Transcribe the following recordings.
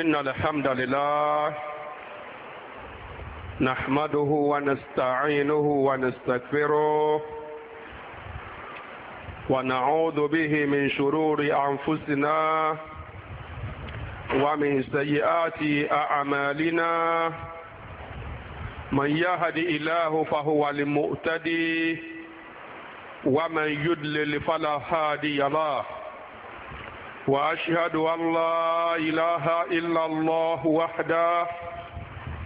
إن الحمد لله نحمده ونستعينه ونستغفره ونعوذ به من شرور أنفسنا ومن سيئات أعمالنا من يهد إله فهو المؤتدي ومن يدلل فلا هادي له واشهد ان لا اله الا الله وحده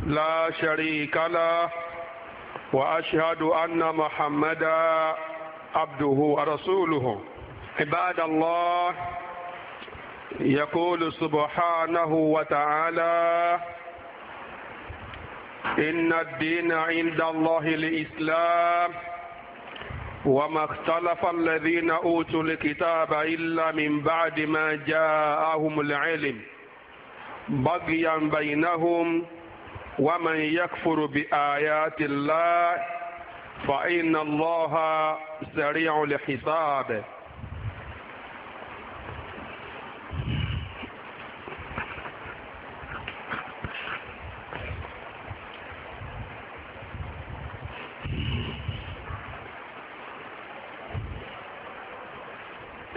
لا شريك له واشهد ان محمدا عبده ورسوله عباد الله يقول سبحانه وتعالى ان الدين عند الله الاسلام وما اختلف الذين أوتوا الكتاب إلا من بعد ما جاءهم العلم بغيا بينهم ومن يكفر بآيات الله فإن الله سريع الحساب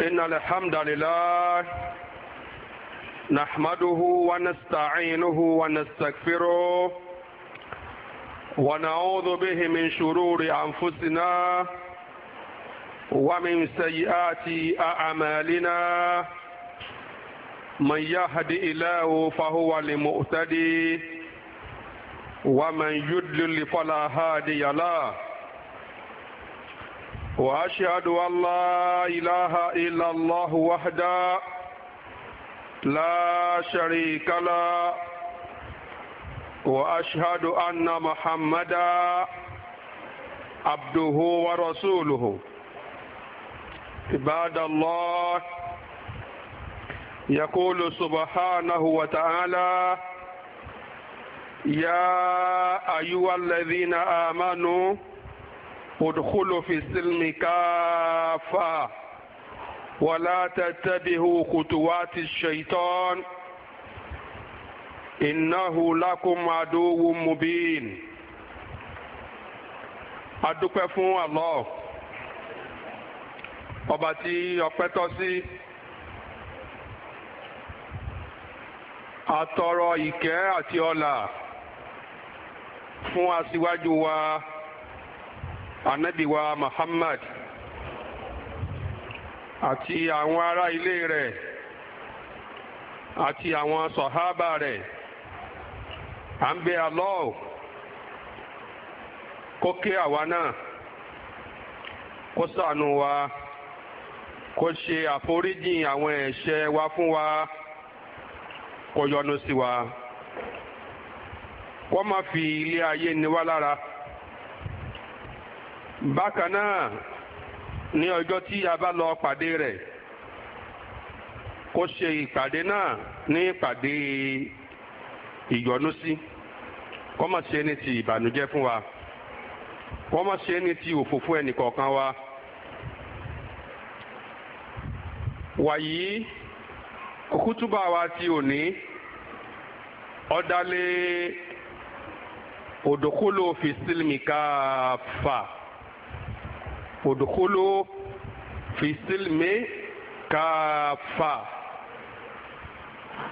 إن الحمد لله نحمده ونستعينه ونستغفره ونعوذ به من شرور أنفسنا ومن سيئات أعمالنا من يهد إله فهو لمؤتدي ومن يدلل فلا هادي له وأشهد أن لا إله إلا الله وحده لا شريك له وأشهد أن محمدا عبده ورسوله عباد الله يقول سبحانه وتعالى يا أيها الذين آمنوا ادخلوا في السلم كافة ولا تتبعوا خطوات الشيطان إنه لكم عدو مبين adúpẹ́ fún Allah ọba tí ọpẹ́ tọ́ sí atọrọ ìkẹ́ àti ọlà fún aṣíwájú wa. Anabiwa Muhammad àti àwọn ará ilé rẹ̀ àti àwọn sọ̀hábà rẹ̀ à ń bẹ Allah kó kí àwa náà kó ṣàánú wa kó ṣe àforíjì àwọn ẹ̀ṣẹ̀ wa fún wa kó yọ́nú sí wa kó má fi ilé ayé ni wá lára. bákan náà ní ọjọ́ tí a bá lọ pàdé rẹ̀ kó ṣe ìpàdé náà ní ìpàdé ìyọnúsí kó má ṣe ní ti ìbànújẹ́ fún wa kó má ṣe ní ti òfófó ẹnìkọ̀ọ̀kan wa. wàyí kútúbà wa ti òní ọ̀dàlẹ̀ òdòkúlò fìsílmì káfà udkhulu fi silmi kàfà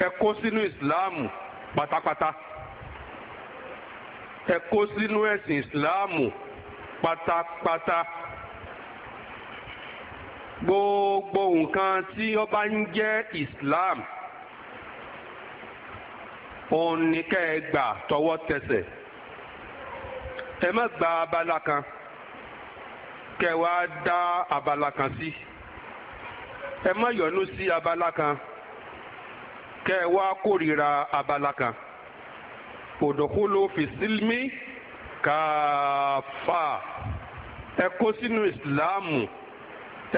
ẹ kó sínú ìsìláàmù pátápátá ẹ kó sínú ẹ̀sìn ìsìláàmù pátápátá gbogbo nǹkan tí ó bá ń jẹ́ islam òun ni kẹ́ ẹ gbà tọwọ́ tẹsẹ̀ ẹ má gba abala kan kẹ́ wá dá abala kan sí ẹ má yọ̀nú sí abala kan kẹ́ wá kórìíra abala kan òdòkúlò fìsílmì kàáfà ẹ kó sínú ìsìláàmù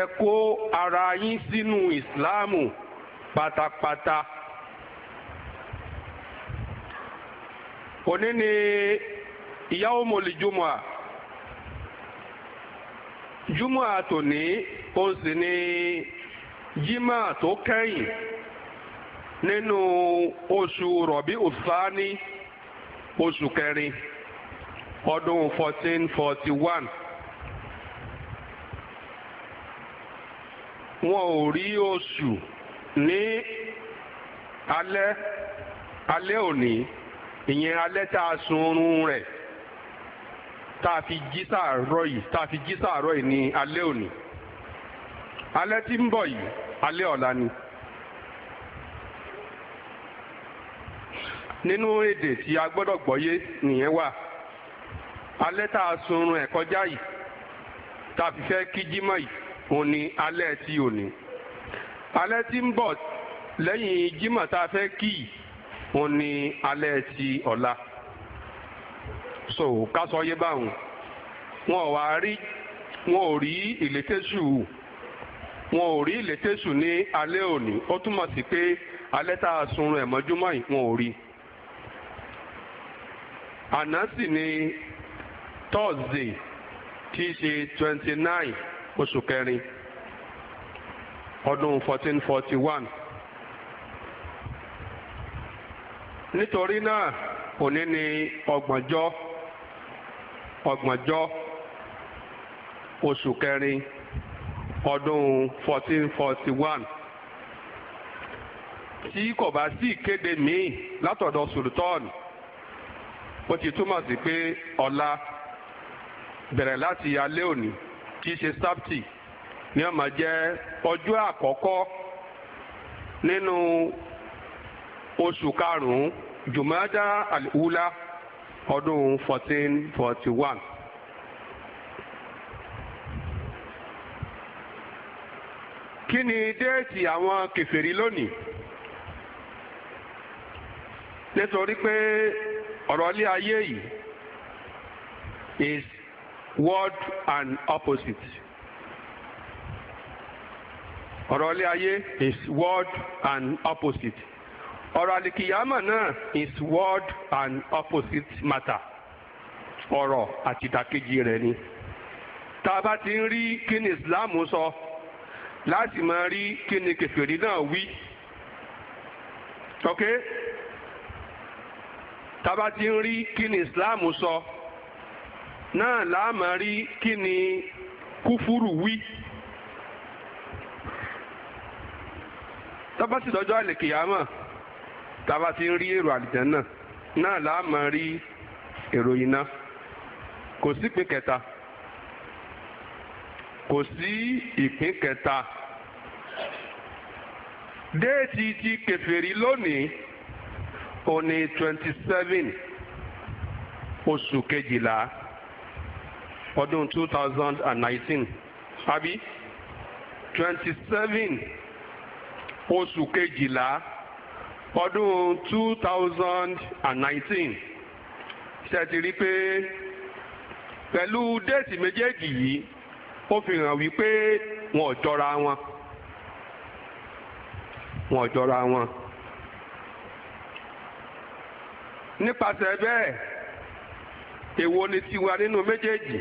ẹ kó ara yín sínú ìsìláàmù pátápátá. òní ni ìyàwó mọ̀lẹ́jọ́mọ́ a. júmọ́ àtòní ni sì ní jímọ̀ tó kẹ́yìn nínú oṣù rọ̀bí ọ̀sánì oṣù kẹrin ọdún fourteen forty one. wọn ò rí oṣù ní alẹ́ alẹ́ òní tá fi jí sáàárọ̀ yìí tá jí yìí alẹ́ òní alẹ́ tí ń bọ̀ yìí alẹ́ ọ̀la ni. nínú èdè tí a gbọ́dọ̀ gbọ́yé nìyẹn wà alẹ́ tá a sunrun ẹ̀ kọjá yìí tá fẹ́ kí yìí òun ni alẹ́ tí òní alẹ́ tí ń bọ̀ lẹ́yìn ni alẹ́ tí ọ̀la. so ká sọ yé báwọn wọn ò wá rí wọn ò rí ìlétésù wọn ò rí ìlétésù ní alẹ́ òní ó túmọ̀ sí pé alẹ́ tá a sunrun ẹ̀ yìí wọn ò rí àná sì ni Thursday tí í ṣe twenty nine oṣù kẹrin ọdún fourteen forty one nítorí náà òní ni ọgbọ̀njọ́ ọgbọ̀njọ́ oṣù kẹrin ọdún fourteen forty one tí kò bá sí ìkéde míì látọ̀dọ̀ sultan ó ti túmọ̀ sí pé ọ̀la bẹ̀rẹ̀ láti alẹ́ òní tí í ṣe sábtì ní ó máa jẹ́ ọjọ́ àkọ́kọ́ nínú oṣù karùn-ún jùmọ́dá àlùhùlá ọdún fourteen forty one. kí ni déètì àwọn kèfèrí lónìí nítorí pé ọ̀rọ̀ ayé yìí is word and opposite ọ̀rọ̀ ilé ayé is word and opposite ọ̀rọ̀ àlìkìyàmọ̀ náà is word and opposite matter ọ̀rọ̀ àti ìdàkejì rẹ̀ ni tá a bá ti ń rí kí ni Islam sọ láti máa rí kí ni kèfèrí náà wí ok tá a bá ti ń rí kí Islam sọ náà la máa rí kí kúfúrú wí. tá a bá ti dọ́jọ́ àlìkìyàmọ̀ tába ti ń rí èrò àlìjánà náà láà máa rí èrò iná kò sí ìpín kẹta kò sí ìpín kẹta déètì ti kèfèrí lónìí òní twenty seven oṣù kejìlá ọdún two thousand and nineteen àbí twenty seven oṣù kejìlá ọdún two thousand and nineteen ṣe ti rí pé pẹ̀lú déètì méjèèjì yìí ó fi hàn wípé wọn ò jọra wọn wọn ò jọra wọn nípasẹ̀ bẹ́ẹ̀ èwo ni tiwa nínú méjèèjì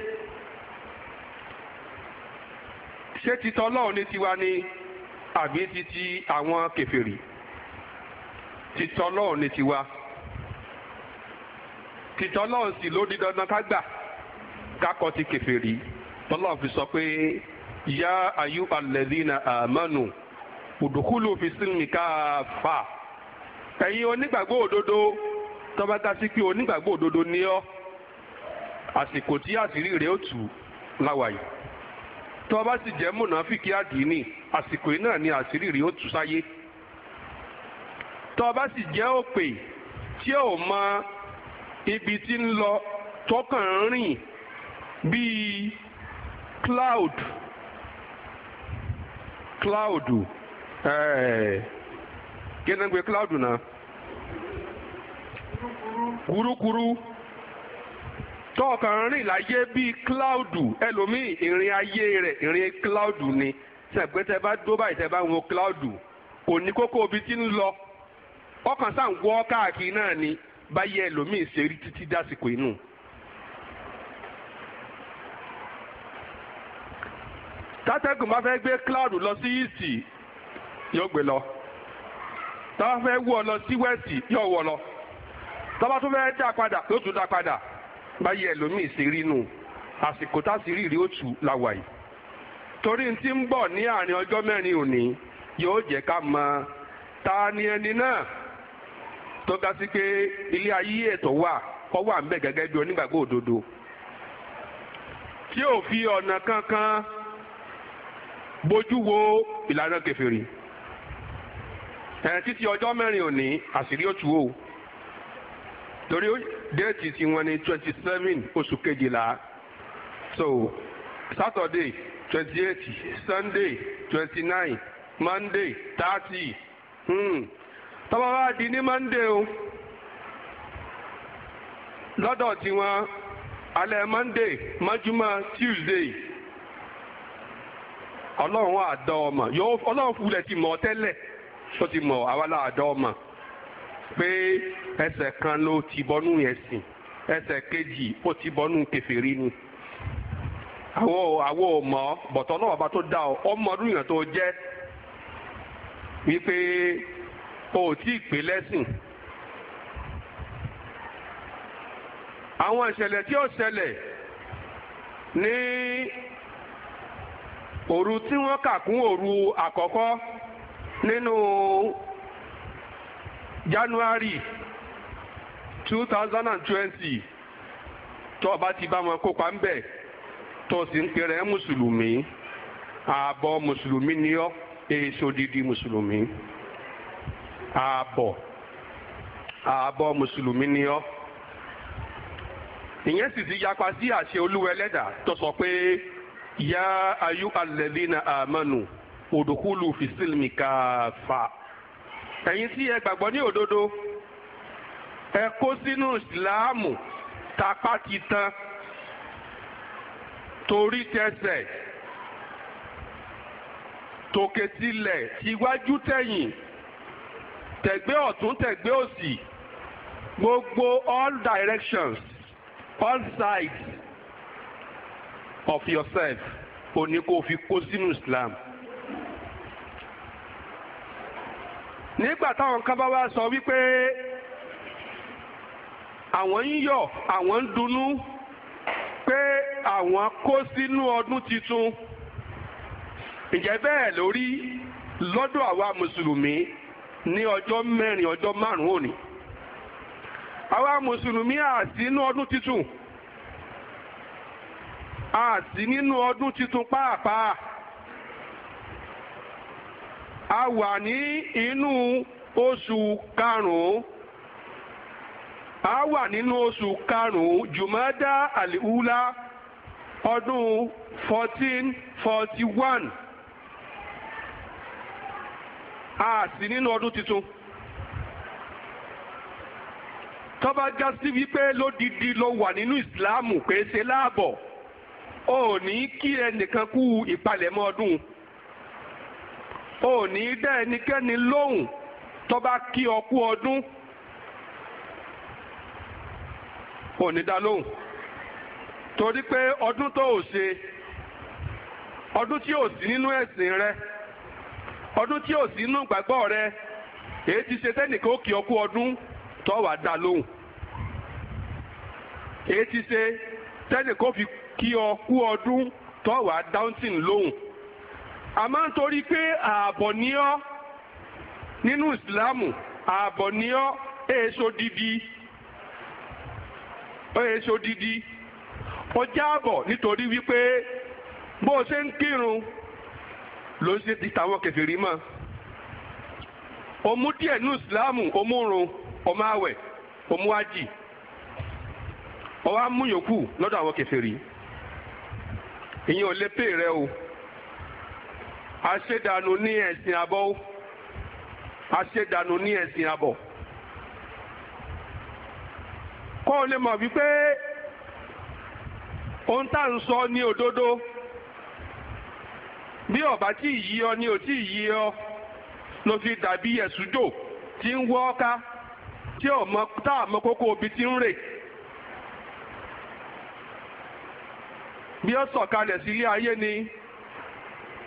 ṣé titọ́ Ọlọ́run ni tiwa ni àbí ti ti àwọn kèfèrí títọ́ lọ́hùn ni tiwa títọ́ lọ́hùn sì ló di dandan ká gbà kákọ́ ti kèfèrí tọ́lọ́hùn fi sọ pé yá ayú alẹ́dínà àmánu òdòkúlù fi sílùmí káfà ẹ̀yin onígbàgbọ́ òdodo tọ́ba dá sí pé onígbàgbọ́ òdodo ní ọ́ àsìkò tí àṣírí rẹ̀ ó tù láwàyè tọ́ba sì jẹ́ múnàfíkì àdínì àsìkò ni asiri rẹ̀ ó tù sáyé. tó bá sì jẹ́ òpè tí ò mọ ibi tí ń lọ tọkàn kàn rìn bíi cloud cloud eh, kí ni wọ́n ń pè cloud náà kurukuru tó rìn láyé bíi cloud ẹlòmíì ìrìn ayé rẹ̀ ìrìn cloud ni sẹ̀gbẹ́tẹ̀ bá dó báyìí tẹ̀ bá wọn cloud kò ní kókó ibi tí ń lọ. ọkàn sáà ń wọ́ káàkiri náà ni báyìí ẹlòmíì ṣe rí títí dásìkò inú. tátẹ́gùn bá fẹ́ gbé cloud lọ sí ìsì yóò gbé lọ tọ́ba fẹ́ wọ̀ lọ sí west yóò wọ̀ lọ tọ́ba tó fẹ́ dá padà yóò tún dá padà báyìí ẹlòmíì ṣe rí nù àsìkò tásìrí rí òtù làwà yìí torí ti ń bọ̀ ní àárín ọjọ́ mẹ́rin òní yóò jẹ́ ká mọ ta ni ẹni náà. tó ga sí pé ilé ayé ẹ̀tọ́ wà kọ́ wà ń bẹ̀ gẹ́gẹ́ bí onígbàgbọ́ òdodo tí ò fi ọ̀nà kankan bójú wo ìlànà kẹfìrì ẹ̀ títí ọjọ́ mẹ́rin òní àṣírí òtù o torí déètì tí wọ́n ní twenty seven oṣù kejìlá so Saturday twenty eight Sunday twenty nine Monday thirty. Hmm. tọ́ba wá di ní mọ́ndé o lọ́dọ̀ tiwọn alẹ́ mọ́ndé mọ́júmọ́ tíwìsdéè ọlọ́run àdọ́ ọmọ yóò ọlọ́run fúlẹ̀ ti mọ̀ tẹ́lẹ̀ tó ti mọ̀ àwa àdọ́ ọmọ pé ẹsẹ̀ kan ló ti bọ́nú ẹ̀sìn ẹsẹ̀ kejì ó ti bọ́nú kẹfìrí ni àwọ àwọ ọmọ bọ̀tọ̀ ọlọ́run ọba tó dá ọ ọmọ ọdún yẹn tó jẹ́ o ò tí ì pé lẹ́sìn. àwọn ìṣẹ̀lẹ̀ tí ó ṣẹlẹ̀ ní òru tí wọ́n kà kún òru àkọ́kọ́ nínú January two thousand and twenty tó o bá ti bá wọn kópa ń bẹ̀ tó sì ń pèrè mùsùlùmí ààbọ̀ mùsùlùmí ni ọ́ èso dídí mùsùlùmí ààbọ̀ ààbọ̀ mùsùlùmí ni ọ́ ìyẹn sì ti yapa sí àṣẹ olúwa ẹlẹ́dà tó sọ pé yá ayú alladhina amanu udkhulu fi silmi kaafa ẹ̀yin tí ẹ gbàgbọ́ ní òdodo ẹ kó sínú ìsìláàmù tapá ti tán torí tẹsẹ̀ tòkè tilẹ̀ tíwájú tẹ̀yìn tẹ̀gbẹ́ ọ̀tún tẹ̀gbẹ́ òsì gbogbo all directions all sides of yourself ó ní kó fi kó sínú Islam. nígbà táwọn kan bá wá sọ wípé àwọn ń yọ̀ àwọn ń dunnú pé àwọn kó sínú ọdún tuntun ǹjẹ́ bẹ́ẹ̀ lórí lọ́dọ̀ àwa mùsùlùmí ní ọjọ́ mẹ́rin ọjọ́ márùn-ún òní àwa mùsùlùmí àti inú ọdún títun àti nínú ọdún títun pàápàá a wà ní inú oṣù karùn-ún a wà nínú oṣù karùn-ún jùmọ́dá àlìhúlá ọdún fourteen forty one a sì nínú ọdún tuntun tọ́ba já sí wípé lódìdí ló wà nínú ìsìláàmù pé ṣe láàbọ̀ ò ní kí ẹnìkan kú ìpalẹ̀mọ́ ọdún ò ní dá ẹnikẹ́ni lóhùn tọ́ba kí ọ kú ọdún ò ní dá lóhùn torí pé ọdún tó ò ṣe ọdún tí ò sí nínú ẹ̀sìn rẹ̀ ọdún tí ò sí inú gbàgbọ́ rẹ èyí ti ṣe tẹ́nìkan ó kì ọ́ kú ọdún tó wàá dá lóhùn èyí ti ṣe tẹ́nìkan ó fi kí ọ kú ọdún tó wàá dáhùntìn lóhùn àmọ́ nítorí pé ààbọ̀ ni ọ́ nínú ìsìláàmù ààbọ̀ ni ọ́ èso dídí èso dídí ọjà àbọ̀ nítorí wípé bó o ṣe ń kírun ló ń ṣe ti tàwọn kèfèrí mọ́ òmu díẹ̀ nínú ìsìláàmù òmùrun ọmọ àwẹ̀ òmùwájì ọwọ́ amúyòkù lọ́dọ̀ àwọn kèfèrí ìyẹn ò lè pè rẹ o àṣedànù ní ẹ̀sìn àbọ̀ àṣedànù ní ẹ̀sìn àbọ̀ kó o lè mọ̀ wípé ohun tá à ń sọ ní òdodo. bí ọba tí ì yí ọ ni ò tí ì yí ọ ló fi dàbí ẹ̀sùjò tí ń wọ́ ká tí ọmọ tá àmọ́ kókó obi ti ń rè. bí ó sọ̀kalẹ̀ sí ilé ayé ni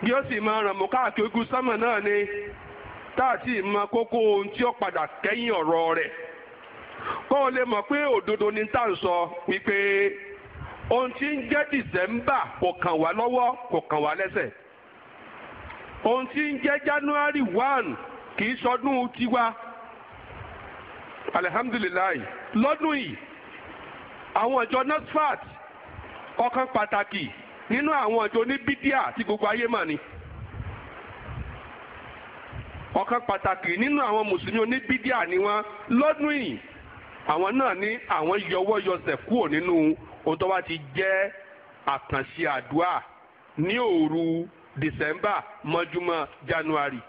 bí ó sì máa ràn mú káàkiri ogun sánmà náà ni tá a mọ kókó ohun tí ó padà kẹ́yìn ọ̀rọ̀ rẹ̀ kó o lè mọ̀ pé òdodo ni tá à ń sọ wípé ohun tí ń jẹ́ dìsẹ́mbà kò kàn wá lọ́wọ́ kò kàn wá lẹ́sẹ̀. ohun tí ń jẹ January one kì í sọdún tiwa alihamdulilayi lọ́dún yìí àwọn ìjọ NASFAT ọ̀kan pàtàkì nínú àwọn ìjọ oníbídíà tí gbogbo ayé mà ni ọ̀kan pàtàkì nínú àwọn mùsùlùmí oníbídíà ni wọ́n lọ́dún yìí àwọn náà ní àwọn kúrò nínú december mọ́júmọ́ january.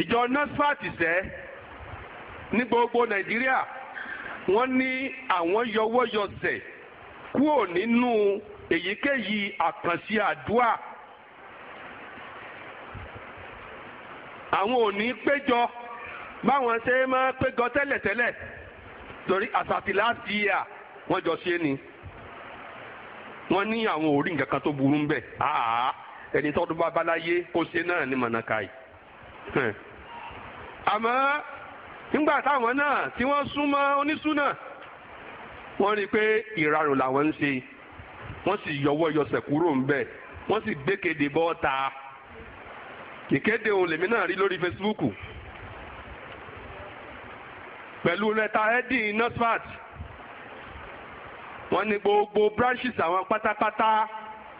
ìjọ NASFAT sẹ́ ní gbogbo nàìjíríà wọ́n ní àwọn yọwọ́yọsẹ̀ kúò nínú èyíkéyìí àkànṣe àdúà àwọn ò ní péjọ báwọn ṣe máa péjọ tẹ́lẹ̀tẹ́lẹ̀ torí àsàtì láti yà wọ́n jọ ṣe ni wọ́n ní àwọn orí nǹkan kan tó burú ń bẹ àá ẹni tó bá balaye kó ṣe náà ní mọ̀nàkàì. àmọ́ nígbà táwọn náà tí wọ́n súnmọ́ onísúnà wọ́n rí i pé ìrarùn làwọn ń ṣe wọ́n sì yọwọ́ yọsẹ̀ kúrò ń bẹ̀ wọ́n sì gbékèdè bọ́ ta ìkéde òun lèmi náà rí lórí Facebook pẹ̀lú lẹ́tà ẹ́dín NASFAT wọ́n ní gbogbo branches àwọn pátápátá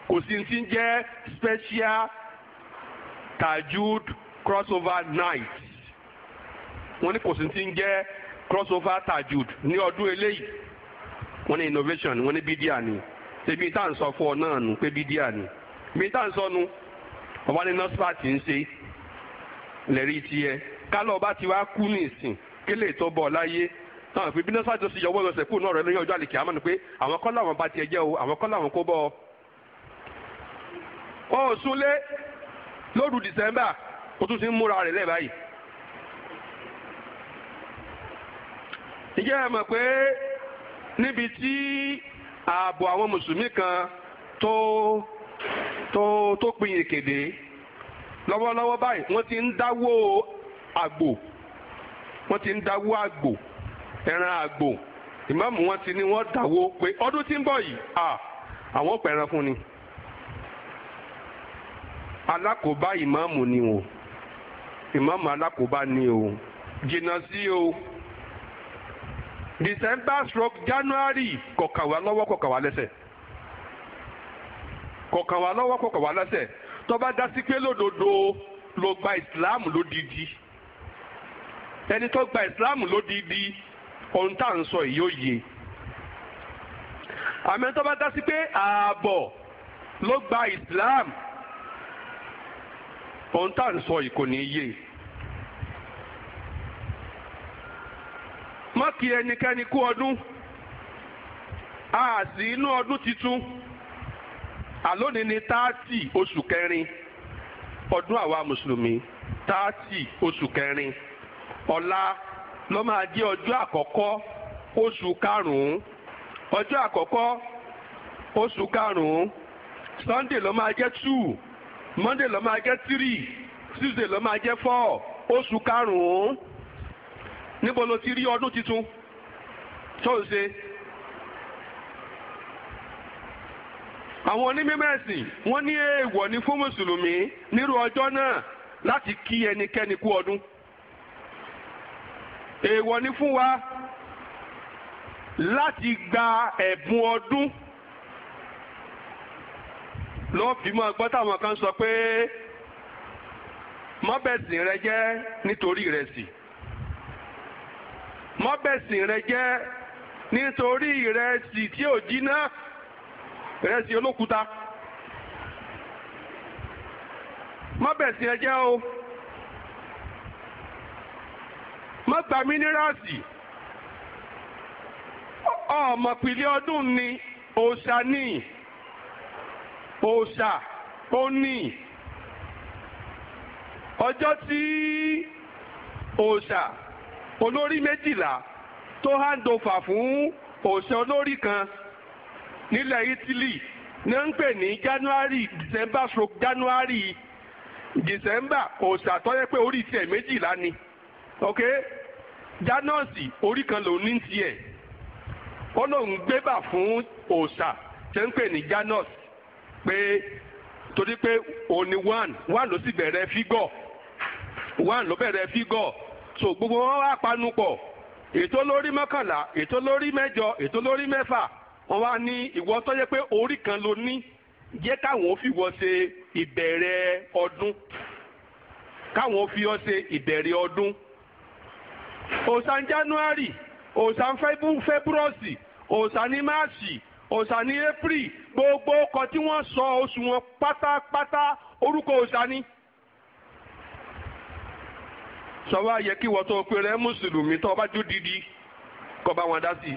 kò sí ti ń jẹ́ special tajud crossover night wọ́n ní kò sí ti ń jẹ́ crossover tajud ní ọdún eléyìí wọ́n ní innovation wọ́n ní bídíà ni tèmi tá à ń sọ fún ọ náà nù pé bídíà ni mi tá à ń sọ nu ọba ní nọ́sípàtì ń ṣe lẹ́rìí tiẹ̀ kálọ̀ ọba ti wá kú nìsín kí lè tó bọ̀ láyé táwọn fi bínú sáájú sí yọwọ́ ìrọsẹ̀ kúrò náà rẹ lórí ọjọ́ àlèkè àmọ́ ni pé àwọn kọ́ làwọn bá tiẹ̀ jẹ́ o àwọn kọ́ làwọn kó bọ́ ọ. ó súnlé lóru dìsẹ́mbà ó tún ti ń múra rẹ̀ lẹ́ẹ̀ báyìí. ǹjẹ́ ẹ mọ̀ pé níbi tí ààbò àwọn mùsùlùmí kan tó tó tó pinye kéde lọ́wọ́lọ́wọ́ báyìí wọ́n ti ń dáwó àgbò wọ́n ti ń dáwó àgbò ẹran àgbò ìmáàmù wọn ti ní wọn dáwó pé ọdún tí ń bọ̀ yìí àwọn pẹ̀ran fún ni alákòóbá ìmáàmù ni o ìmáàmù alákòóbá ni o jìnnà sí o december stroke january kọkànwá lọ́wọ́ kọkànwá lẹ́sẹ̀ kọkànwá lọ́wọ́ kọkànwá lẹ́sẹ̀ tọ́ba dasí pé lódodo ló gba islam lódidi ẹni tó gba islam lódidi ohun tá à ń sọ yìí ó yé àmì tó bá dá sí pé ààbọ̀ ló gba Islam ohun tá à ń sọ yìí kò ní yé má kí ẹnikẹ́ni kú ọdún a sì inú ọdún tuntun àlónìí ni táàtì oṣù kẹrin ọdún àwa mùsùlùmí táàtì oṣù kẹrin ọ̀la ló máa jẹ́ ọjọ́ àkọ́kọ́ oṣù karùn-ún ọjọ́ àkọ́kọ́ oṣù karùn-ún sunday ló máa jẹ́ two monday ló máa jẹ́ three tuesday ló máa jẹ́ four oṣù karùn-ún níbo ló ti rí ọdún tuntun tó ń ṣe. àwọn onímẹ̀sìn wọ́n ní èèwọ̀ ní fún mùsùlùmí nírú ọjọ́ náà láti kí ẹnikẹ́ni kú ọdún èèwọ̀ ni fún wa láti gba ẹ̀bùn ọdún lọ́ọ́ fi máa gbọ́ táwọn kan sọ pé mọ́bẹ̀sìn rẹ jẹ́ nítorí ìrẹsì mọ́bẹ̀sìn rẹ jẹ́ nítorí ìrẹsì tí ò jiná ìrẹsì olókùúta mọ́bẹ̀sìn rẹ jẹ́ o má gba mínírààsì ọmọpìlẹ̀ ọdún ni òòṣà ní òòṣà ó ní ọjọ́ tí òòṣà olórí méjìlá tó hàndòfà fún òòṣà olórí kan nílẹ̀ Italy ní ń pè ní January December stroke January December òòṣà tó yẹ pé orí tiẹ̀ méjìlá ni. ok janọọsì orí kan lòún ní tiẹ̀ ó lóun gbébà fún òòṣà tẹ́ ń pè ní janọọsì pé torí pé òun ni one one ló sì one ló bẹ̀rẹ̀ so gbogbo wọn wá panupọ̀ ètò lórí mọ́kànlá ètò lórí mẹ́jọ ètò lórí mẹ́fà wọ́n wá ní ìwọ yẹ pé orí kan ló ní jẹ́ káwọn fi ṣe ìbẹ̀rẹ̀ ọdún káwọn fi ṣe ìbẹ̀rẹ̀ ọdún. òòsàn january òòsàn february òòsàn ní máàsì òòsàn ní april gbogbo ọkọ̀ tí wọ́n sọ oṣù wọn pátápátá orúkọ òòsàn ni. sọ wá yẹ kí wọ́n tó pe rẹ mùsùlùmí tó bá jó didi kó bá wọn dá sí i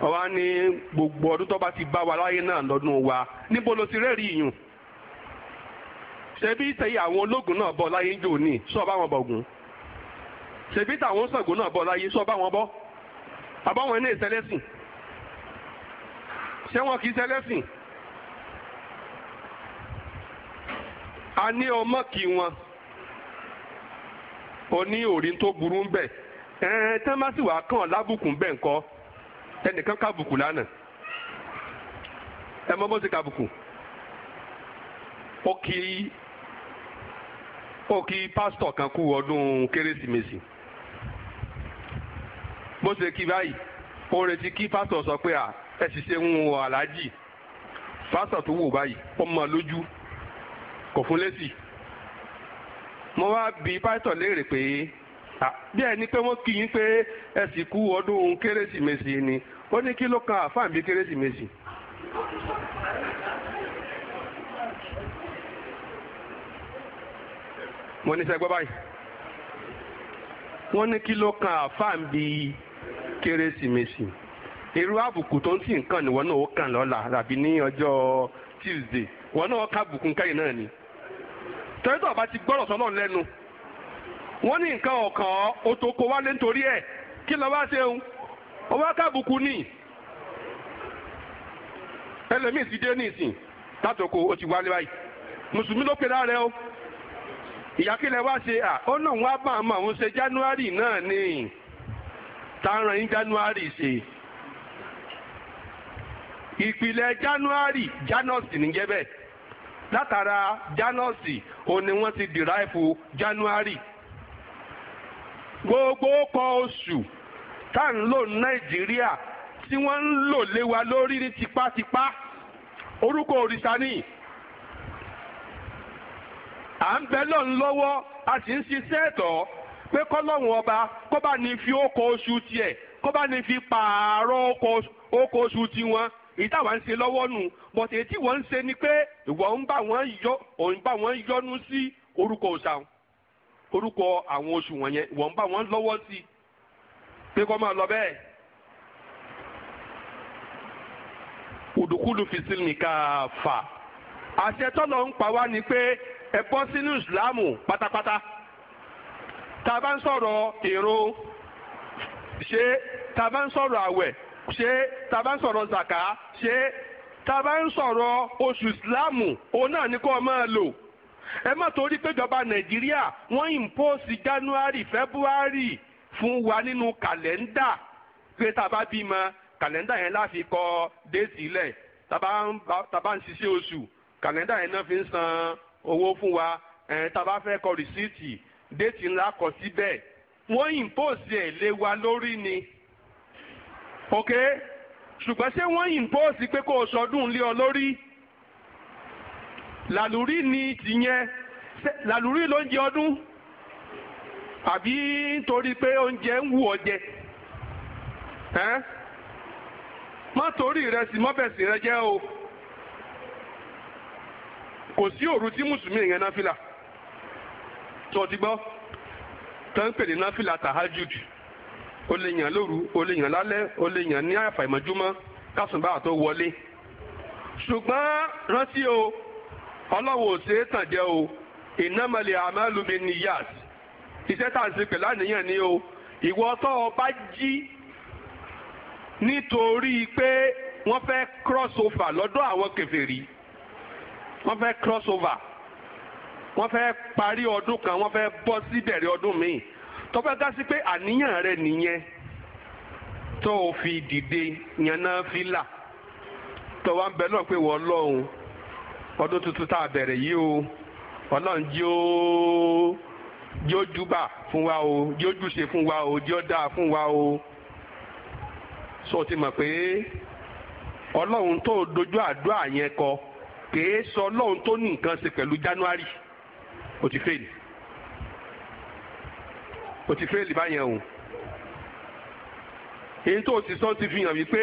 ọba ní gbogbo ọdún tó bá ti bá wa láyé náà lọ́dún wa níbo ló ti rẹ́rìí ìyún ṣebí ìtẹ̀yẹ àwọn ológun náà bọ̀ láyé jò ní sọ bá wọn bọ̀gùn ṣèbí tàwọn Ṣàngó náà bọ̀ láyé sọ bá wọn bọ́ àbáwọn ní ìṣẹlẹ́sìn ṣé wọn kì í ṣẹlẹ́sìn a ní ọmọ kí wọn ó ní òrí tó burú ń bẹ ẹn tán bá sì wàá kàn lábùkù ń bẹ ńkọ́ ẹnìkan kábùkù lánàá ẹ mọ bó ṣe kábùkù ó kí ó kí pásítọ̀ kan kú ọdún kérésìmesì bó ṣe kí báyìí ó retí kí pásítọ̀ sọ pé à ẹ sì ṣe ń wọ aláàjì pásítọ̀ tó wò báyìí ó mọ lójú kò fún lésì mo wá bi pásítọ̀ léèrè pé bí ẹni pé wọ́n kí yín pé ẹ sì kú ọdún kérésìmesì ni ó ní kí ló kan àfáàn bí kérésìmesì. mo ní sẹ́gbọ́ báyìí wọ́n ní kí ló kan àfáàn bíi. kérésìmesì irú àbùkù tó ń tì ń ni wọn náà ó kàn lọ́la tàbí ní ọjọ́ tuesday wọn náà ká àbùkù náà ni. tẹ́tọ̀ ti gbọ́rọ̀ sọ́nà lẹ́nu wọ́n ní nǹkan ọ̀kan otoko wálé nítorí ẹ̀ kí ló ṣe ń ó ká àbùkù ní. ẹlẹ́mìí ti dé ní ìsìn ó ti wálé báyìí mùsùlùmí ló pe lára o ìyá kí lẹ wá ṣe à ó náà wá bá àwọn táwọn ní january ṣe ìpìlẹ̀ january janus níjẹ́ bẹ́ẹ̀ látara janus ò ní wọ́n ti dìráìfù january gbogbo kọ oṣù tá à ń lò ní nàìjíríà tí wọ́n ń lò lé wa lórí ní tipátipá orúkọ òrìṣà ni à ń bẹ lọ́n lọ́wọ́ a sì ń ṣiṣẹ́ ẹ̀tọ́. pé kọ́lọ́hún ọba kó bá ní fi ókò oṣù tiẹ̀ kó bá ní fi pààrọ̀ ókò oṣù tiwọn èyí táwa ń ṣe lọ́wọ́ nù but èyí tí wọ́n ń ṣe ni pé ìwọ ń bá wọn yọ òun bá wọn yọnu sí orúkọ òṣàwọn orúkọ àwọn oṣù wọ̀nyẹn ìwọ ń bá wọn lọ́wọ́ sí pé kó máa lọ bẹ́ẹ̀. òdùkúlù fi sílùmí káfà àṣẹ tọ́lọ̀ ń pa wá ni pé ẹ sínú ìsìláàmù pátápátá tá a bá ń sọ̀rọ̀ èrò ṣé tá a bá ń sọ̀rọ̀ àwẹ̀ ṣé tá a bá ń sọ̀rọ̀ zàká ṣé tá a ń sọ̀rọ̀ oṣù ìsìláàmù òun náà ni kò máa lò ẹ má torí péjọba nàìjíríà wọ́n impose january february fún wa nínú kàlẹ́ndà pé tá a bá bímọ kàlẹ́ndà yẹn la fi kọ déètì lẹ̀ tá a bá ń ṣiṣẹ́ oṣù kàlẹ́ndà yẹn náà fi ń san owó fún wa tá fẹ́ kọ rìsíìtì déètì ńlá kọ síbẹ̀ wọ́n impose ẹ̀ lé wa lórí ni ok ṣùgbọ́n ṣé wọ́n impose pé kó o sọdún lé ọ lórí làlùrí ni tìyẹn làlùrí ló ń jẹ ọdún àbí nítorí pé oúnjẹ ń wù ọ jẹ ẹ má torí rẹ sì mọ́bẹ̀sì rẹ jẹ́ o kò sí òru tí mùsùlùmí yẹn náà fìlà tó ti gbọ́ tó ń pè ní náfìlà tahajud o lè yàn lóru o lè yàn lálẹ́ o lè yàn ní àfàìmọ́júmọ́ kásùnbà tó wọlé ṣùgbọ́n rántí o ọlọ́wọ́ ò ṣeé tàn jẹ́ o ìnámọ̀lẹ̀ àmàlùmí ni yas iṣẹ́ tá à ń ṣe pẹ̀lú àníyàn ni o ìwọ tó o bá jí nítorí pé wọ́n fẹ́ cross over lọ́dọ̀ àwọn kèfèrí wọ́n fẹ́ cross over wọ́n fẹ́ parí ọdún kan wọ́n fẹ́ bọ́ sí bẹ̀rẹ̀ ọdún míì tó fẹ́ dá sí pé àníyàn rẹ nìyẹn tó o fi dìde yànnà fílà tó wá ń bẹ náà pé wọ́n lọ́hùn ọdún tuntun tá a bẹ̀rẹ̀ yìí o ọlọ́run jí ó jí ó júbà fún wa o jí ó fún wa o jí dáa fún wa o so ti mọ̀ pé ọlọ́run tó dojú àdúrà yẹn kọ kèé sọ ọlọ́run tó ní nǹkan ṣe pẹ̀lú January o ti fail o ti fail báyẹn o èyí tó o ti sọ ti fi hàn wípé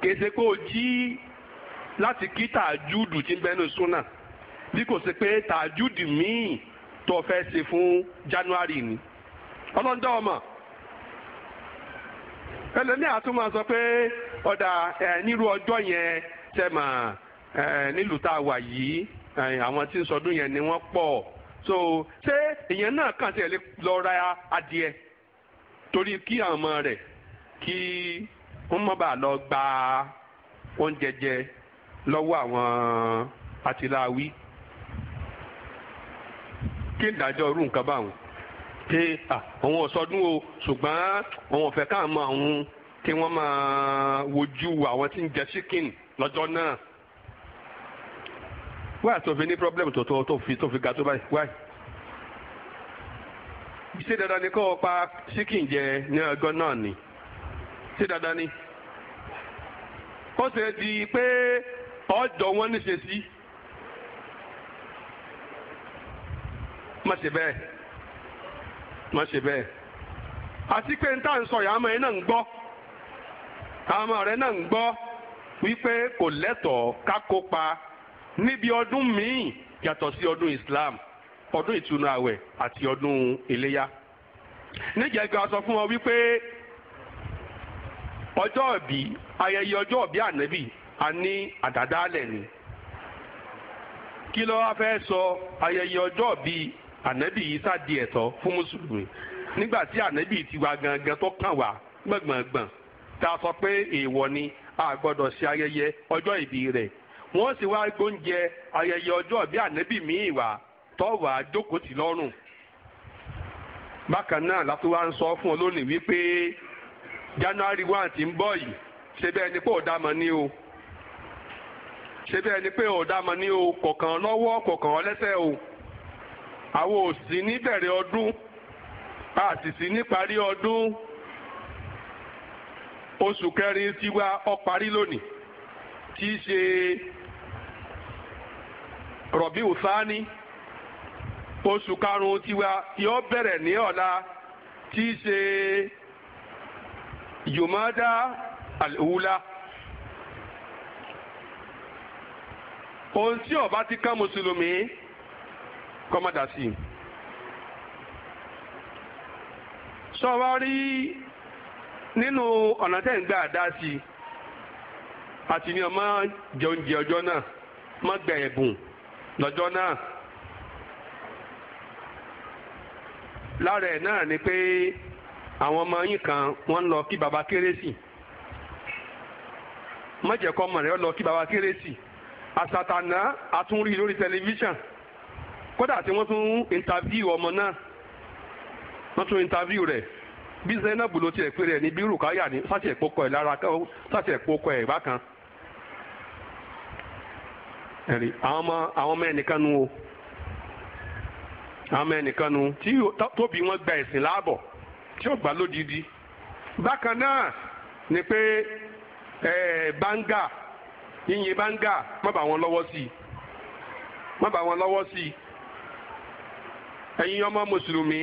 kèsè kó o jí láti kí tàjúdù tí ń bẹnu súnà bí kò sí pé tàjúdù míì tó fẹ́ ṣe fún January ni ọlọ́dọ̀ ọmọ ẹlẹ́ni àtúmọ̀ sọ pé ọ̀dà nírú ọjọ́ yẹn tẹ̀ mà nílùú tá a wà yìí àwọn tí ń sọdún yẹn ni wọ́n pọ̀ so ṣé èèyàn náà kàn tiẹ̀ lè lọ ra adìẹ torí kí àwọn ọmọ rẹ̀ kí wọ́n má bàa lọ gba oúnjẹ jẹ lọ́wọ́ àwọn àtìláwí kí ìdájọ́ irú nǹkan báwọn pé àwọn ọ̀sọ́dún o ṣùgbọ́n àwọn ọ̀fẹ́ káàmọ́ àwọn tí wọ́n máa wojú àwọn tí ń jẹ ṣíkìn lọ́jọ́ náà why tó fi ní problem tó tó tó fi tó fi ga tó why. ṣé dandan ni kó o pa chicken jẹ ní ọgọ́ náà ni ṣé dandan ni. ó ṣe di pé ọjọ́ wọn ní ṣe sí. má ṣe bẹ́ẹ̀ má ṣe bẹ́ẹ̀ àti pé n tá ń sọ yàrá ọmọ náà ń gbọ́ àwọn ọmọ rẹ náà ń gbọ́ wípé kò lẹ́tọ̀ọ́ ká kópa níbi ọdún míì yàtọ̀ sí ọdún Islam ọdún ìtúnu àwẹ̀ àti ọdún iléyá níjẹ̀gbẹ́ a sọ fún wọn wípé ọjọ́ ìbí ayẹyẹ ọjọ́ ìbí ànẹ́bì a ní àdádálẹ̀ ni kí ló wá fẹ́ sọ ayẹyẹ ọjọ́ ìbí ànẹ́bì yìí sáàdì ẹ̀tọ́ fún mùsùlùmí nígbà tí ànẹ́bì ti wá gangan tó kàn wá gbọ̀ngbọ̀ngbọ̀n tá a sọ pé èèwọ̀ ni a gbọ́dọ̀ ṣe ayẹyẹ ọjọ́ ìbí rẹ̀ wọ́n sì wá gbóúnjẹ ayẹyẹ ọjọ́ bí ànẹ́bì míì wá tọ́wà jókòó tì lọ́rùn. bákan náà látó wá ń sọ fún ọ lónìí wípé january one ti ń bọ̀ yìí ṣe bẹ́ẹ̀ ni pé ò dámọ̀ ni o ṣe bẹ́ẹ̀ ni pé ò dámọ̀ ni o kọ̀ọ̀kan lọ́wọ́ kọ̀ọ̀kan lẹ́sẹ̀ o àwọn òsì ní bẹ̀rẹ̀ ọdún àti sì sí ní parí ọdún oṣù kẹrin tiwa ó parí lónìí. tí í ṣe rọ̀bí òsáni oṣù karùn-ún tiwa yóò bẹ̀rẹ̀ ní ọ̀la tí í ṣe yomada alhula. ohun tí ó ti kàn mùsùlùmí kọ́mọ́dà sọ wá rí nínú ọ̀nà tẹ̀ ń gbà dá sí i àti ní ọmọ jẹ oúnjẹ ọjọ́ náà má gba ẹ̀bùn lọ́jọ́ náà. lára ẹ̀ náà ni pé àwọn ọmọ yín kan wọ́n ń lọ kí baba kérésì má jẹ́ kọ́ ọmọ rẹ̀ lọ kí baba kérésì àsàtànà àtúnrí lórí tẹlifíṣàn kódà tí wọ́n tún intaviu ọmọ náà wọ́n tún intaviu rẹ̀ bí zainab ló tiẹ̀ pé rẹ̀ ní bí rukaya ní sátì ẹ̀pọ̀ ẹ̀ lára sátì ẹ̀pọ̀ ẹ̀ bákan. ẹ̀rí àwọn ọmọ àwọn ọmọ ẹnìkan nu o àwọn ọmọ ẹnìkan nu tí wọn gba ẹ̀sìn láàbọ̀ tí ó gbà lódìdí bákan náà ni pé ẹ̀ẹ́ báńgà yíyin báńgà má wọn lọ́wọ́ sí i ọmọ mùsùlùmí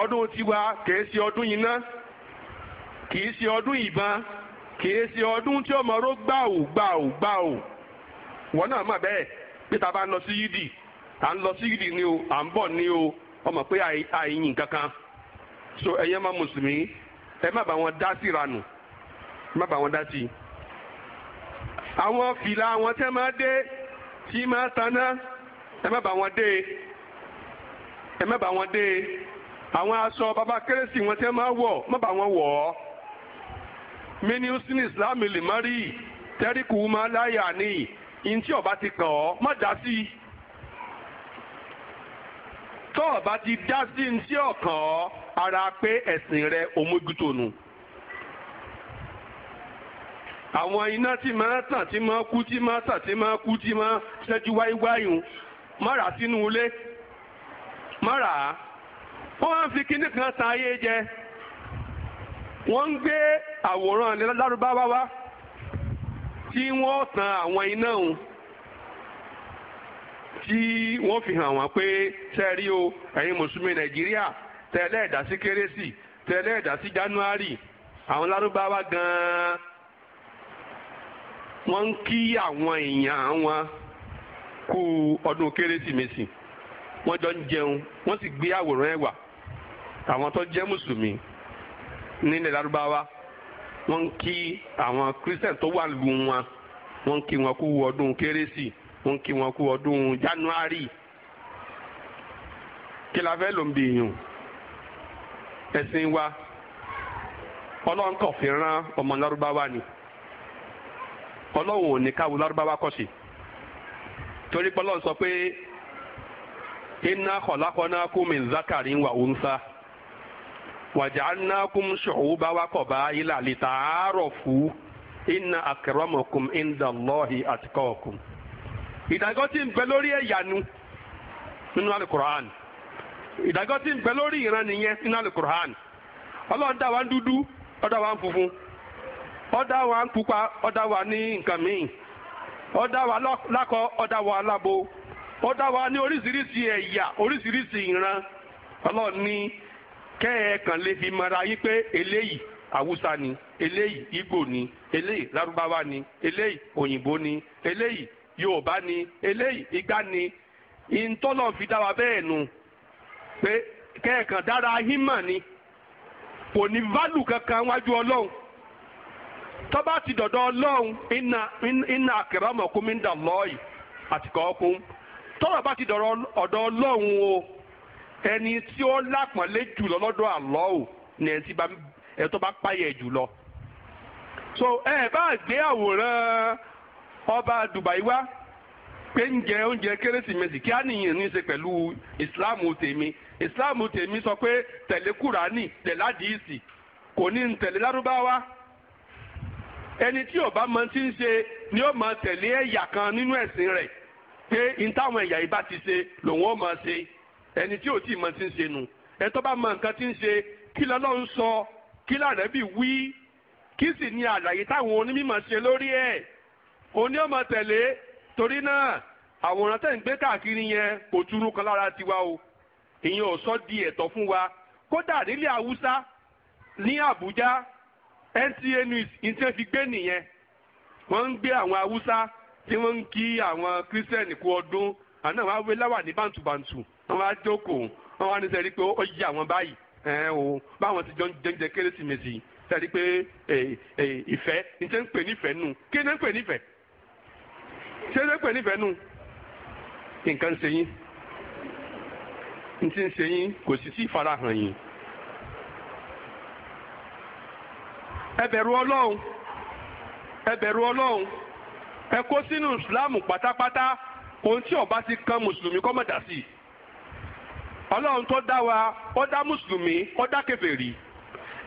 ọdún tiwa kìí ṣe ọdún yìí ná kìí ṣe ọdún ìbọn kìí ṣe ọdún tí wọn náà mọ̀ bẹ́ẹ̀ pé tá a bá ń lọ sí yídì à ń lọ sí yídì ni o à ń bọ̀ ni o ọmọ pé àìyìn kankan so ẹ̀yẹ́ máa mùsùlùmí ẹ má bá wọn dá sí ranù má bá wọn dá sí. àwọn fìlà àwọn tẹ́ máa dé tí máa taná ẹ má bá wọn dé ẹ má bá wọn dé àwọn aṣọ baba kérésì wọn tẹ́ máa wọ̀ má bá wọn wọ̀ ọ́ mini usin islam limari tẹ́ríkù máa láyà níyì ìyìn tí ọba ti kàn ọ́ má dá sí i tọ́ ọba ti dá sí ní tí ọ̀kàn ọ́ ara pé ẹ̀sìn rẹ òmójútónu. àwọn iná tí máa tàn tí máa kú tí máa tàn tí máa kú tí máa ṣẹ́jú wáyíwáyùn má rà sínú ilé má rà á. wọ́n máa ń fi kinní kan ta ayé jẹ. wọ́n ń gbé àwòrán lárúbáwá wá. tí wọ́n san àwọn iná òun tí wọ́n fi hàn wọ́n pé sẹ́rí o ẹ̀yin mùsùlùmí nàìjíríà tẹ́lẹ̀ ẹ̀dá sí kérésì tẹ́lẹ̀ ẹ̀dá sí january àwọn lárúbáwá gan-an wọ́n ń kí àwọn èèyàn wọn kú ọdún kérésìmesì wọ́n jọ ń jẹun wọ́n sì gbé àwòrán ẹ̀wà àwọn tó jẹ́ mùsùlùmí nílẹ̀ lárúbáwá wọ́n ń kí àwọn christian tó wà lù wọn wọ́n ń kí wọn kú ọdún kérésì wọ́n ń kí wọn kú ọdún january kí la fẹ́ ló ń bì yùn ẹ̀sìn wa ọlọ́run kàn fi rán ọmọ lárúbáwá ni ọlọ́run ò ní káwo lárúbáwá kọ̀ sí torí pé ọlọ́run sọ pé inna khalaqnakum min zakarin wa unsa. wàjàánákùm ṣùgbọ́n wa kọ̀ bá ilà lìtàárọ̀fù iná àkẹrọ̀mọ̀kùm ìdájọ́ tí ń bẹ lórí ẹ̀yánu nínú alukur'an ìdájọ́ tí ń bẹ lórí ìran nìyẹn nínú alukur'an ọlọ́run dá wa ń dúdú ó wa ń funfun ó wa ń pupa ó wa kẹ́ lè fi mọra yí pé eléyìí ni eléyìí igbo ni eléyìí larubawa ni eléyìí òyìnbó ni eléyìí Yorùbá ni eléyìí igbá ni ìtọ́lọ̀ fi dá wa bẹ́ẹ̀ nu pé kẹ́ ẹ kàn dára ni kò ní válù kankan wájú Ọlọ́run tọ́ba ti dọ̀dọ̀ Ọlọ́run iná dà ẹni tí ó lápọ̀nlé jùlọ lọ́dọ̀ àlọ́ ò ní ẹni tí ẹ̀tọ́ bá páyẹ̀ jùlọ. so ẹ bá gbé àwòrán ọba Dubai wá pé ń jẹ oúnjẹ kérésìmesì kí á nìyẹn ní í ṣe pẹ̀lú ìsìláàmù tèmi ìsìláàmù tèmi sọ pé tẹ̀lé kùránì tẹ̀lé àdìsí kò ní ń tẹ̀lé lárúbáwá ẹni tí ò bá mọ tí ń ṣe ni ó máa tẹ̀lé ẹ̀yà kan nínú ẹ̀sìn rẹ̀ pé ní táwọn ẹ̀yà yìí bá ti ṣe lòun ó máa ṣe ẹni tí ò tí ì mọ ti ń ṣe nu ẹni tó bá mọ nǹkan ti ń ṣe kí lọ́lọ́run sọ kí làrẹ́ bí wí kí sì ni àlàyé táwọn onímọ̀ ṣe lórí ẹ̀ oní ọmọ tẹ̀lé torí náà àwòrán tẹ̀ ń gbé káàkiri yẹn kò túrú kan lára tiwa o ìyẹn ò sọ di ẹ̀tọ́ fún wa kódà nílẹ̀ haúsá ní àbújá NTA News iṣẹ́ fi gbé nìyẹn wọ́n ń gbé àwọn haúsá tí wọ́n ń kí àwọn kírísítẹ́nì kú ọdún àná àwọn awé láwà ní bàǹtùbàǹtù wọ́n wá jókòó wọ́n wá ní sẹ́rí pé ó yí àwọn báyìí ẹ̀ o báwọn ti jọ ń jẹ́ kérésìmesì sẹ́rí pé ìfẹ́ níṣẹ́ ń pè nífẹ̀ẹ́ nù kí ni ń pè nífẹ̀ẹ́ ṣé ń pè nífẹ̀ẹ́ nù nǹkan ń ṣe yín n ti ń ṣe yín kò sì sí ìfarahàn yín ẹ bẹ̀rù ọlọ́run ẹ bẹ̀rù ọlọ́run ẹ kó sínú ìsìláàmù pátápátá ohun tí ó bá ti kan mùsùlùmí kọ́ mọ̀ dá sí i ọlọ́run tó dá wa ó dá mùsùlùmí ó dá kèfèrí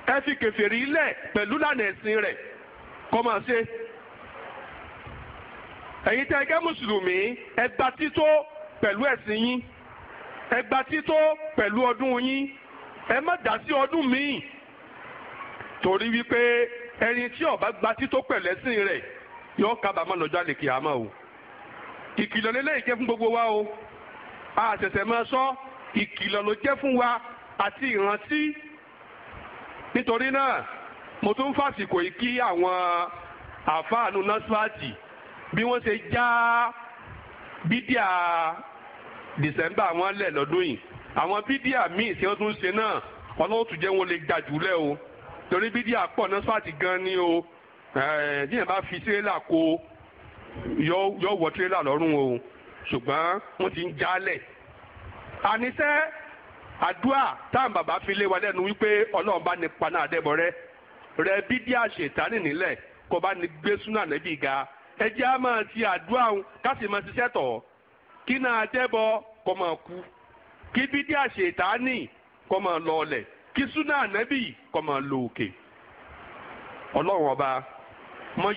ẹ fi kèfèrí lẹ̀ pẹ̀lú lànà ẹ̀sìn rẹ̀ kọ́ máa ṣe. ẹ̀yin tẹ́ ẹ jẹ́ mùsùlùmí ẹ gba tító pẹ̀lú ẹ̀sìn yín ẹ gba tító pẹ̀lú ọdún yín ẹ má dá sí ọdún míì torí wípé ẹni tí ó gba tító pẹ̀lú ẹ̀sìn rẹ̀ yóò kábàámọ̀ lọ́jọ́ àlèkè àmọ́ o ìkìlọ̀ lélẹ́yìí jẹ́ fún gbogbo wa o a máa sọ ìkìlọ̀ ló jẹ́ fún wa àti ìrántí nítorí náà mo tún fàsìkò yìí kí àwọn àfáànù nọ́sífàtì bí wọ́n ṣe já bídíà dìsẹ́mbà wọn lẹ̀ lọ́dún yìí àwọn bídíà míì tí wọ́n tún ṣe náà ọlọ́run tún jẹ́ wọn lè gbà jùlẹ̀ o torí bídíà pọ̀ nọ́sífàtì gan ni o ní ẹ̀ bá fi tírélà kó yọ wọ tírélà lọ́rùn o ṣùgbọ́n wọ́n ti ń jálẹ̀ àníṣẹ́ àdúà táwọn bàbá fi lé wa lẹ́nu wípé ọlọ́run bá ní paná àdẹ́bọ̀rẹ́ rẹ bídí àṣetánì nílẹ̀ kó bá ní gbé súnà lẹ́bí ga ẹ á máa ti àdúà òun ká sì máa ṣiṣẹ́ tọ̀ kí náà àdẹ́bọ̀ kó máa kú kí bídí àṣetánì kó máa lọ ọlẹ̀ kí súnà ànẹ́bì máa lọ òkè ọlọ́run ọba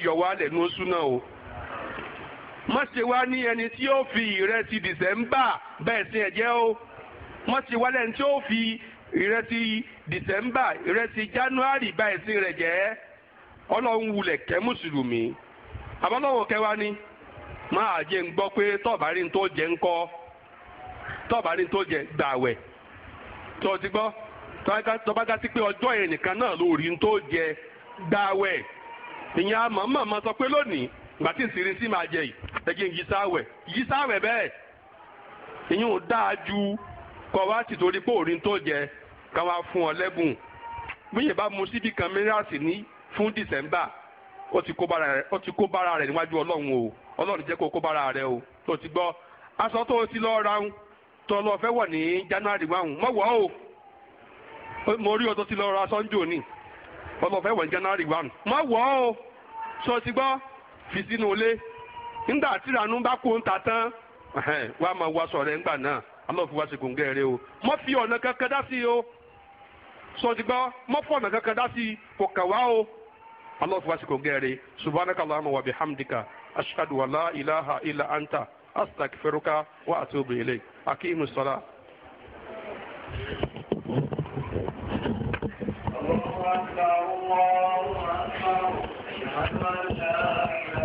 yọ wá lẹ́nu súnà o. má ṣe wá ní ẹni tí ó fi ìrẹsì dìsẹ́mbà bẹ́ẹ̀ sí ẹ̀jẹ̀ o má ṣe wá tí ó fi ìrẹsì dìsẹ́mbà ìrẹsì january bá ẹ̀sìn rẹ̀ jẹ́ ọlọ́run wulẹ̀ kẹ́ mùsùlùmí àbálọ́wọ́ kẹwa ni máa jẹ́ ń pé tọ́ọ̀bárí tó jẹ́ ń tọ́ọ̀bárí tó jẹ́ pé ọjọ́ yẹn náà lórí tó jẹ́ gbàwẹ̀ ìyẹn àmọ́ mọ̀ mọ́ sọ ìgbà tí ìsìnrin sí máa jẹ yìí ẹgbẹ́ yìí sáwẹ̀ yìí sáwẹ̀ bẹ́ẹ̀ ìyẹn dáa ju kọ́ wá ti torí pé òrin tó jẹ ká wá fún ọ lẹ́bùn bíyẹn bá mu síbi kan mìíràsì ní fún dìsẹ́mbà ó ti kó bára rẹ̀ níwájú ọlọ́run o ọlọ́run jẹ́ kó kó bára rẹ̀ o tó ti gbọ́ aṣọ tó ti lọ́ọ́ ra ń tọ́ lọ fẹ́ wọ̀ ní january wáhùn mọ̀ wọ́ o mo rí o tó ti lọ́ọ́ ra aṣọ ń jò ọlọ́fẹ́ wọ̀ ní january wáhùn mọ̀ wọ́ o tó ti gbọ́. fi sínú ilé nígbà tí ìranú bá kó ń ta tán wàá máa ńgbà náà o mọ́ fi ọ̀nà kankan dá o sọ̀dìgbọ́ mọ́ fọ ọ̀nà kankan dá sí kò kà wá o alọ́ọ̀fù wá sí gòǹgẹ́ rẹ subhanaka allahumma hamdika ashadu ilaha illa anta feruka wa ati ilayk akimu